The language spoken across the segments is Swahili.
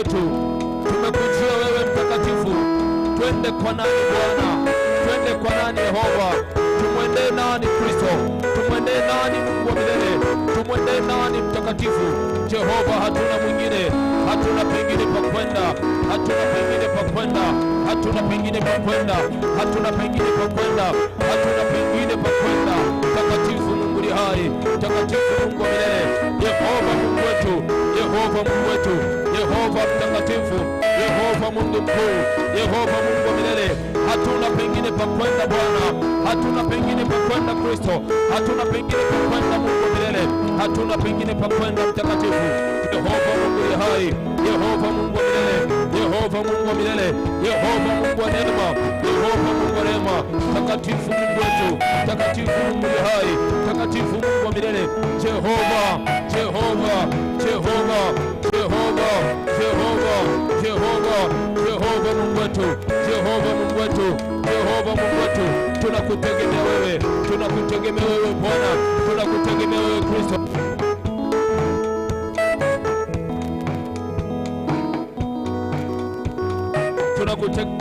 wetu, tumekujia wewe mtakatifu. Twende kwa nani Bwana? Twende kwa nani Yehova? Tumwendee nani Kristo? Tumwendee nani Mungu wa milele? Tumwendee nani mtakatifu? Jehova, hatuna mwingine, hatuna pengine pa kwenda, hatuna pengine pa kwenda, hatuna pengine pa kwenda, hatuna pengine pa kwenda, hatuna pengine pa Yehova Mungu mkuu, Yehova Mungu wa milele. Hatuna pengine pa kwenda Bwana, hatuna pengine pa kwenda Kristo, hatuna pengine pa kwenda Mungu wa milele, hatuna pengine pa kwenda mtakatifu. Yehova Mungu ya hai, Yehova Mungu wa milele Yehova Mungu wa milele, Yehova Mungu wa neema, Yehova Mungu wa neema, takatifu Mungu wetu, takatifu Mungu wa hai, takatifu Mungu wa milele, Jehova, Jehova, Jehova, Jehova, Jehova, Jehova Jehova Mungu wetu, Jehova Mungu wetu, Jehova Mungu wetu, tunakutegemea wewe, tunakutegemea wewe Bwana, tunakutegemea wewe Kristo. Tunakutegemea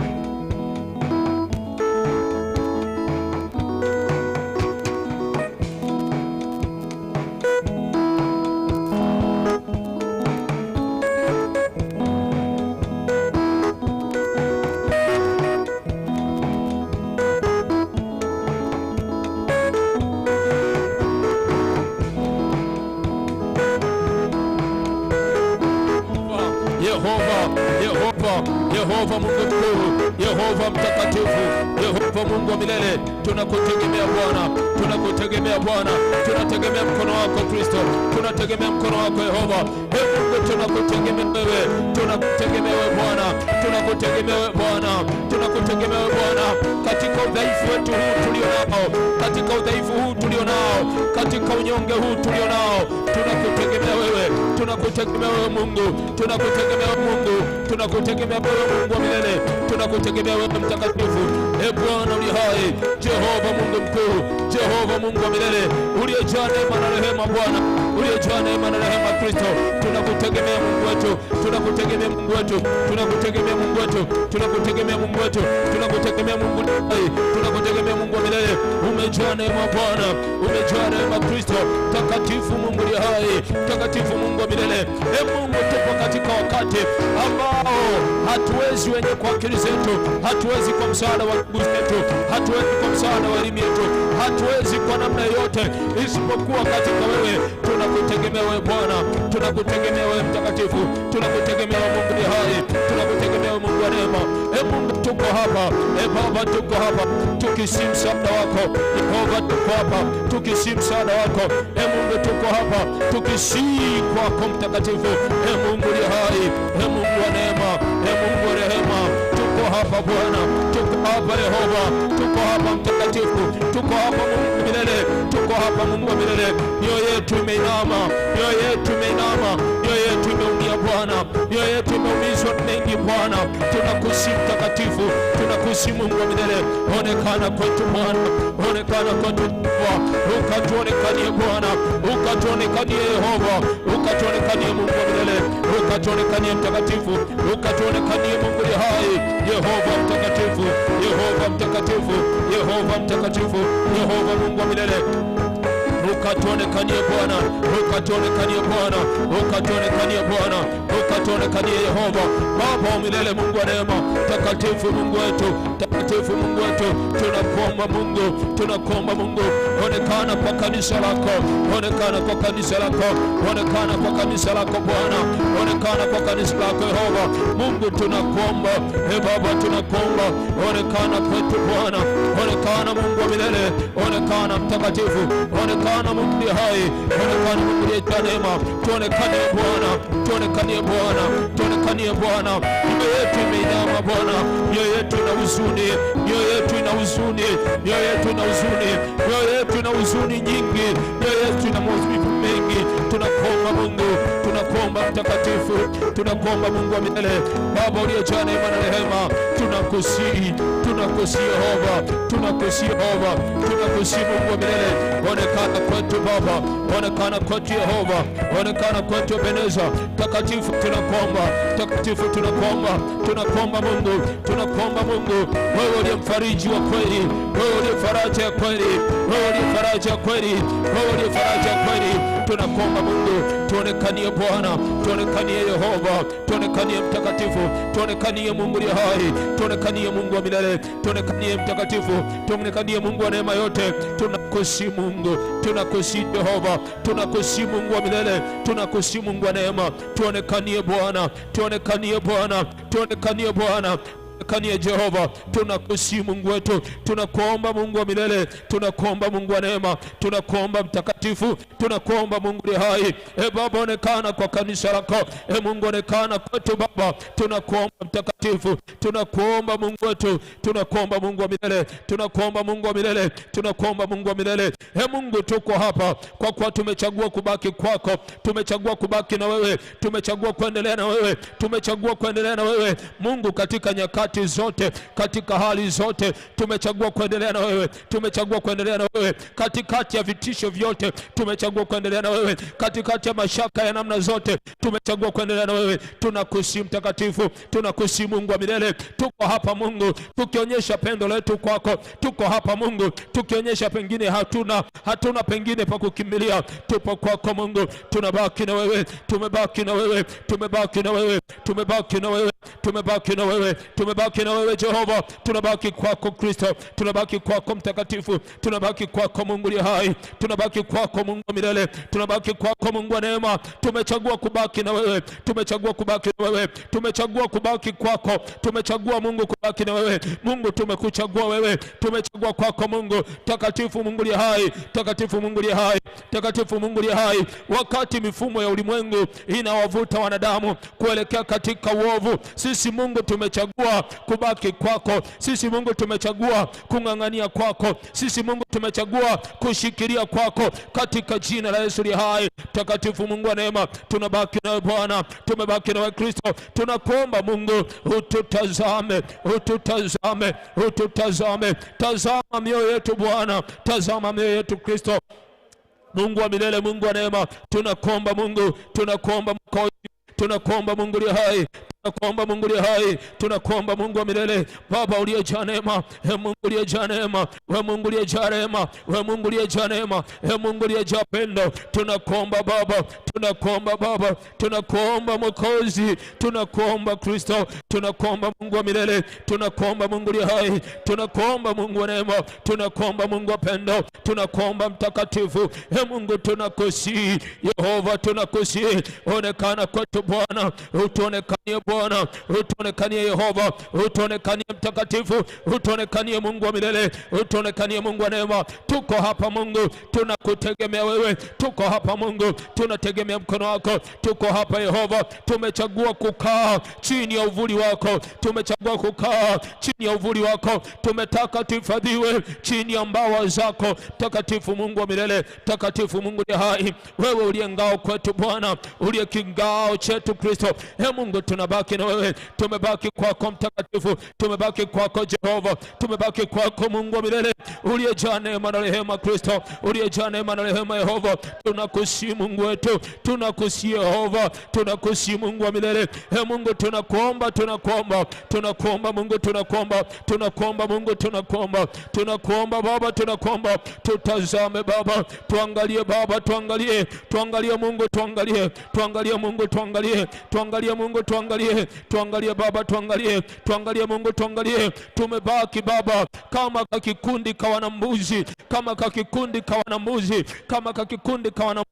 ulipo, Yehova Mungu mkuu, Yehova mtakatifu, Yehova Mungu wa milele, tunakutegemea Bwana, tunakutegemea Bwana, tunategemea mkono wako Kristo, tunategemea mkono wako Yehova. Ee Mungu, tunakutegemea wewe, tunakutegemea wewe Bwana, tunakutegemea wewe Bwana, tunakutegemea wewe Bwana, katika udhaifu wetu huu nao, katika udhaifu huu nao katika unyonge huu tulio nao, tunakutegemea wewe, tunakutegemea wewe Mungu, tunakutegemea Mungu, tunakutegemea wewe Mungu wa milele, tunakutegemea wewe mtakatifu. E Bwana uli hai, Jehova Mungu mkuu, Jehova Mungu wa milele, uliyejaa neema na rehema, Bwana uliyejaa neema na rehema, Kristo tunakutegemea Mungu wetu, tunakutegemea Mungu wetu, tunakutegemea Mungu wetu, tunakutegemea Mungu wetu, tunakutegemea Mungu, wetu, tunakutegemea Mungu wa milele. Umejaa neema Bwana, umejaa neema Kristo takatifu, Mungu ni hai, takatifu Mungu wa milele. E Mungu, tupo katika wakati ambao hatuwezi wenye kwa akili zetu, hatuwezi kwa msaada wa nguvu zetu, hatuwezi kwa msaada wa elimu yetu hatuwezi kwa namna yote isipokuwa katika wewe. Tunakutegemea wewe Bwana, tunakutegemea wewe Mtakatifu, tunakutegemea Mungu ni hai, tunakutegemea wewe Mungu wa neema. E Mungu, tuko hapa, e Baba, tuko hapa tukisi msaada wako, Yehova, tuko hapa tukisi msaada wako, e Mungu, tuko hapa tukisii kwako Mtakatifu, e Mungu ni hai, e Mungu wa neema, e Mungu wa rehema, tuko hapa Bwana hapa Yehova, tuko hapa Mtakatifu, tuko hapa Mungu milele, tuko hapa Mungu wa milele. Mioyo yetu imeinama, mioyo yetu imeinama, mioyo yetu imeumia Bwana, mioyo yetu imeumizwa mengi Bwana, tunakusi Mtakatifu, tunakusi Mungu wa milele. Onekana kwetu Bwana, onekana kwetu Bwana, ukatuonekanie Bwana, ukatuonekanie Yehova, ukatuonekanie Mungu ukatuonekanie mtakatifu, ukatuonekanie Mungu li hai, Yehova mtakatifu, Yehova mtakatifu, Yehova mtakatifu, Yehova Mungu wa milele ukatuonekanie Bwana, ukatuonekanie Bwana, ukatuonekanie Bwana, ukatuonekanie Yehova Baba wa milele, Mungu wa neema, mtakatifu Mungu wetu mtakatifu Mungu wetu, tunakuomba Mungu, tunakuomba Mungu, onekana kwa kanisa lako, onekana kwa kanisa lako, onekana kwa kanisa lako Bwana, onekana kwa kanisa lako Yehova Mungu, tunakuomba e Baba, tunakuomba onekana kwetu Bwana, onekana Mungu wa milele, onekana mtakatifu, onekana Mungu ni hai, onekana Mungu ni neema, tuonekane Bwana, tuonekanie Bwana, tuonekane Bwana, mioyo yetu imeinama huzuni, mioyo yetu ina huzuni, mioyo yetu ina huzuni, mioyo yetu ina huzuni nyingi, mioyo yetu ina maumivu mengi. Tunakuomba Mungu, tunakuomba Mtakatifu, tunakuomba Mungu wa milele, Baba uliyejaa neema na rehema, tunakusihi, tunakusihi Yehova, tunakusihi Yehova, tunakusihi Mungu wa milele, onekana kwetu Baba onekana kwetu Yehova, onekana kwetu Ebeneza. Takatifu tunakuomba, takatifu tunakuomba, tunakuomba Mungu, tunakuomba Mungu, wewe uliye mfariji wa kweli, wewe uliye faraja ya kweli, wewe uliye faraja ya kweli, wewe uliye faraja ya kweli, tunakuomba Mungu, tuonekanie Bwana, tuonekanie Yehova, tuonekanie mtakatifu, tuonekanie Mungu aliye hai, tuonekanie Mungu wa milele, tuonekanie mtakatifu, tuonekanie Mungu wa neema yote. Tunakusifu Mungu, tunakusifu Yehova Baba, Mungu wa milele, tunakusihi Mungu wa neema, tuonekanie Bwana, tuonekanie Bwana, tuonekanie Bwana kanie Jehova, tunakusihi Mungu wetu, tunakuomba Mungu wa milele, tunakuomba Mungu wa neema, tunakuomba mtakatifu Mtakatifu, tunakuomba Mungu ni hai. E Baba, onekana kwa kanisa lako. E Mungu, onekana kwetu Baba, tunakuomba Mtakatifu, tunakuomba Mungu wetu, tunakuomba Mungu wa milele, tunakuomba Mungu wa milele, tunakuomba Mungu wa milele. E Mungu, tuko hapa kwa kuwa tumechagua kubaki kwako, tumechagua kubaki na wewe, tumechagua kuendelea na wewe, tumechagua kuendelea na wewe Mungu, katika nyakati zote, katika hali zote, tumechagua kuendelea na wewe, tumechagua kuendelea na wewe katikati ya vitisho vyote zote tumechagua kuendelea na wewe katikati ya mashaka ya namna zote, tumechagua kuendelea na wewe. Tunakusi Mtakatifu, tunakusi Mungu wa milele. Tuko hapa Mungu, tukionyesha pendo letu kwako. Tuko hapa Mungu, tukionyesha pengine hatuna hatuna pengine pa kukimbilia. Tupo kwako Mungu, tunabaki na wewe, tumebaki na wewe, tumebaki na wewe, tumebaki na wewe, tumebaki na wewe, tumebaki na wewe Jehova, tunabaki kwako Kristo, tunabaki kwako Mtakatifu, tunabaki kwako Mungu liye hai, tunabaki kwako kwako Mungu wa milele, tunabaki kwako Mungu wa neema. Tumechagua kubaki na wewe, tumechagua kubaki na wewe, tumechagua kubaki kwako, tumechagua Mungu kubaki na wewe. Mungu tumekuchagua wewe, tumechagua kwako Mungu takatifu, Mungu liye hai, takatifu Mungu liye hai, takatifu Mungu liye hai. Wakati mifumo ya ulimwengu inawavuta wanadamu kuelekea katika uovu, sisi Mungu tumechagua kubaki kwako, sisi Mungu tumechagua kung'ang'ania kwako, sisi Mungu tumechagua kushikilia kwako katika jina la Yesu hai takatifu Mungu wa neema, tunabaki nawe Bwana, tumebaki nawe Kristo. Tunakuomba Mungu ututazame, ututazame, ututazame, tazama mioyo yetu Bwana, tazama mioyo yetu Kristo, Mungu wa milele, Mungu wa neema, tunakuomba Mungu, tunakuomba mkoa, tunakuomba Mungu li hai Tunakuomba Mungu uliye hai, tunakuomba Mungu wa milele, Baba uliyejaa neema, e Mungu uliyejaa neema, we Mungu uliyejaa neema, we Mungu uliyejaa neema, e Mungu uliyejaa pendo, tunakuomba Baba, tunakuomba Baba, tunakuomba Mwokozi, tunakuomba Kristo, tunakuomba Mungu wa milele, tunakuomba Mungu uliye hai, tunakuomba Mungu wa neema, tunakuomba Mungu wa pendo, tunakuomba Mtakatifu, e Mungu tunakusihi, Yehova tunakusihi, onekana kwetu Bwana, utuonekanie Bwana Bwana, utuonekanie Yehova, utuonekanie mtakatifu, utuonekanie Mungu wa milele, utuonekanie Mungu wa neema. Tuko hapa Mungu, tunakutegemea wewe, tuko hapa Mungu, tunategemea mkono wako, tuko hapa Yehova, tumechagua kukaa chini ya uvuli wako, tumechagua kukaa chini ya uvuli wako, tumetaka tuhifadhiwe chini ya mbawa zako. Mtakatifu Mungu wa milele, mtakatifu Mungu ni hai, wewe uliye ngao kwetu Bwana, uliye kingao chetu Kristo. Ee Mungu tunaba tumebaki na wewe, tumebaki kwako Mtakatifu, tumebaki kwako Jehova, tumebaki kwako Mungu wa milele uliyejaa neema na rehema, Kristo uliyejaa neema na rehema, Yehova tunakusihi Mungu wetu, tunakusihi Yehova, tunakusihi Mungu wa milele. He ee Mungu tunakuomba, tunakuomba, tunakuomba Mungu, tunakuomba, tunakuomba Mungu, tunakuomba, tunakuomba Baba, tunakuomba, tutazame Baba, tuangalie Baba, tuangalie, tuangalie Mungu, tuangalie, tuangalie Mungu, tuangalie, tuangalie Mungu, tuangalie tuangalie, tuangalie Baba, tuangalie, tuangalie Mungu, tuangalie. Tumebaki Baba kama kakikundi ka wanambuzi, kama kakikundi ka wanambuzi, kama kakikundi ka wanambuzi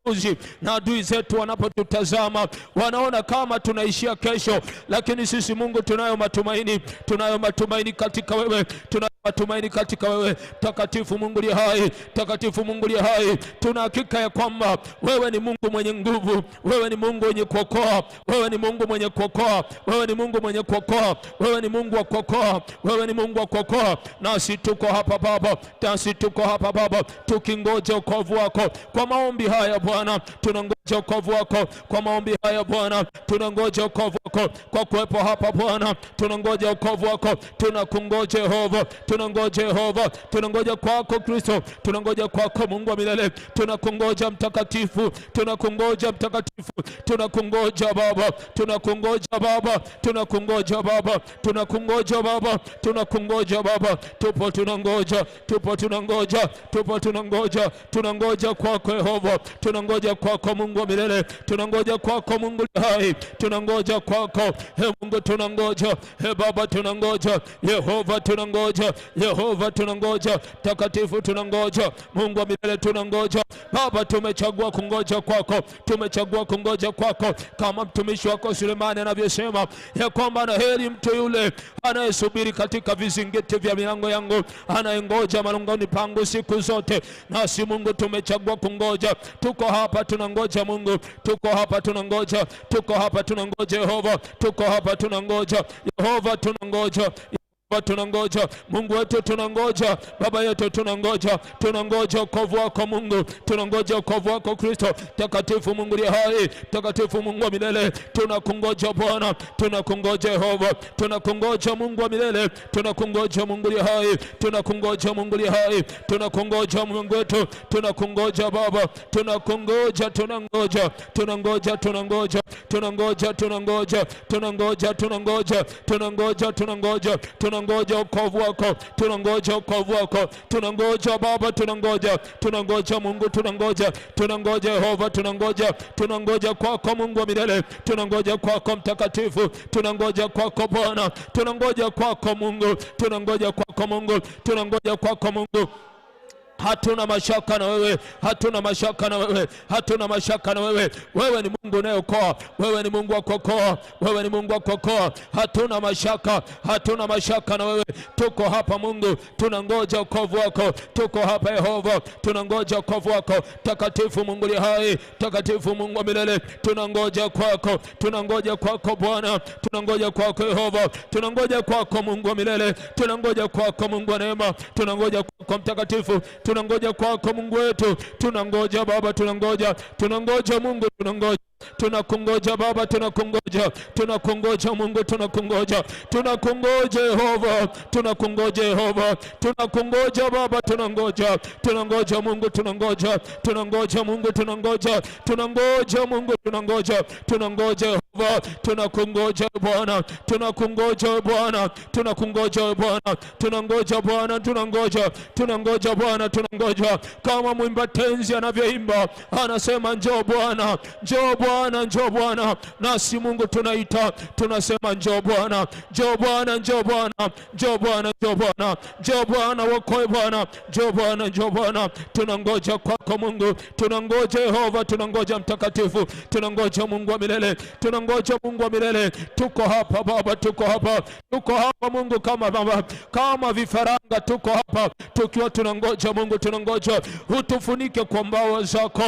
na adui zetu wanapotutazama wanaona kama tunaishia kesho, lakini sisi Mungu tunayo matumaini, tunayo matumaini katika wewe, tunayo matumaini katika wewe. takatifu Mungu liye hai, takatifu Mungu liye hai, tuna hakika ya kwamba wewe ni Mungu mwenye nguvu, wewe ni Mungu mwenye kuokoa, wewe ni Mungu mwenye kuokoa, wewe ni Mungu mwenye kuokoa, wewe ni Mungu wa kuokoa, wewe ni Mungu wa kuokoa. Nasi tuko hapa Baba, nasi tuko hapa Baba, tukingoja ukovu wako kwa maombi haya Bwana. Bwana tuna wokovu wako. Kwa maombi haya Bwana, tunangoja ukovu wako kwa kuwepo hapa Bwana, tunangoja ukovu wako, tunakungoja Yehova, tunangoja Yehova, tunangoja kwako Kristo, tunangoja kwako Mungu wa milele, tunakungoja mtakatifu, tunakungoja mtakatifu, tunakungoja Baba, tunakungoja Baba, tunakungoja Baba, tunakungoja Baba, tunakungoja Baba, tupo tunangoja, tupo tunangoja, tupo tunangoja, tunangoja kwako Yehova, tunangoja kwako Mungu Mungu wa milele, tunangoja kwako Mungu hai, tunangoja kwako e Mungu, tunangoja e Baba, tunangoja Yehova, tunangoja Yehova, tunangoja takatifu, tunangoja Mungu wa milele, tunangoja Baba, tumechagua kungoja kwako, tumechagua kungoja kwako, kama mtumishi wako Sulemani anavyosema ya kwamba na heri mtu yule anayesubiri katika vizingiti vya milango yangu, anayengoja malungoni pangu siku zote. Nasi Mungu tumechagua kungoja, tuko hapa tunangoja Mungu. Tuko hapa tunangoja, tuko hapa tunangoja Yehova, tuko hapa tunangoja Yehova, tunangoja Tunangoja Mungu wetu, tunangoja Baba yetu, tunangoja tunangoja ukovu wako Mungu, tunangoja ukovu wako Kristo takatifu, Mungu aliye hai, takatifu, Mungu wa milele, tunakungoja Bwana, tunakungoja Yehova, tunakungoja Mungu wa milele, tunakungoja Mungu aliye hai, tunakungoja Mungu aliye hai, tunakungoja Mungu wetu, tunakungoja Baba, tunakungoja, tunangoja tunangoja tunangoja tunangoja tunangoja tunangoja tunangoja tunangoja tunangoja tunangoja ukovu wako, tunangoja ukovu wako, tunangoja Baba, tunangoja, tunangoja Mungu, tunangoja, tunangoja Yehova, tunangoja, tunangoja kwako Mungu wa milele, tunangoja kwako Mtakatifu, tunangoja kwako Bwana, tunangoja kwako Mungu, tunangoja kwako Mungu, tunangoja kwako Mungu hatuna mashaka na wewe, hatuna mashaka na wewe, hatuna mashaka na wewe. Wewe ni Mungu unayeokoa, wewe ni Mungu wa kuokoa, wewe ni Mungu wa kuokoa. Hatuna mashaka, hatuna mashaka na wewe. Tuko hapa Mungu, tunangoja ukovu wako. Tuko hapa Yehova, tunangoja ukovu wako. Takatifu Mungu ni hai, takatifu Mungu wa milele, tunangoja kwako, tunangoja kwako Bwana, tunangoja kwako Yehova, tunangoja kwako Mungu wa milele, tunangoja kwako Mungu wa neema, tunangoja kwako mtakatifu tunangoja kwako Mungu wetu, tunangoja Baba, tunangoja, tunangoja Mungu, tunangoja tunakungoja Baba, tunakungoja, tunakungoja Mungu, tunakungoja, tunakungoja Yehova, tunakungoja Yehova, tunakungoja Baba, tunangoja, tunangoja Mungu, tunangoja, tunangoja Mungu, tunangoja, tunangoja Mungu, tunangoja, tunangoja Bwana, tunakungoja Bwana, tunakungoja Bwana, tunakungoja Bwana, tunangoja Bwana, tunangoja, tunangoja Bwana, tunangoja. Kama mwimba tenzi anavyoimba anasema, njoo Bwana, njoo Bwana, njoo Bwana, nasi Mungu tunaita, tunasema njoo Bwana, njoo Bwana, njoo Bwana, njoo Bwana, njoo Bwana, njoo Bwana, wokoe Bwana, njoo Bwana, njoo Bwana, tunangoja kwako Mungu, tunangoja Yehova, tunangoja Mtakatifu, tunangoja Mungu wa milele, tunangoja tunamngoja Mungu wa milele. Tuko hapa Baba, tuko hapa, tuko hapa Mungu kama Baba, kama vifaranga tuko hapa tukiwa tunangoja Mungu, tunangoja utufunike kwa mbawa zako.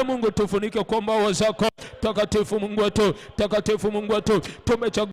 E Mungu, tufunike kwa mbawa zako takatifu, Mungu wetu takatifu, Mungu wetu tumechagua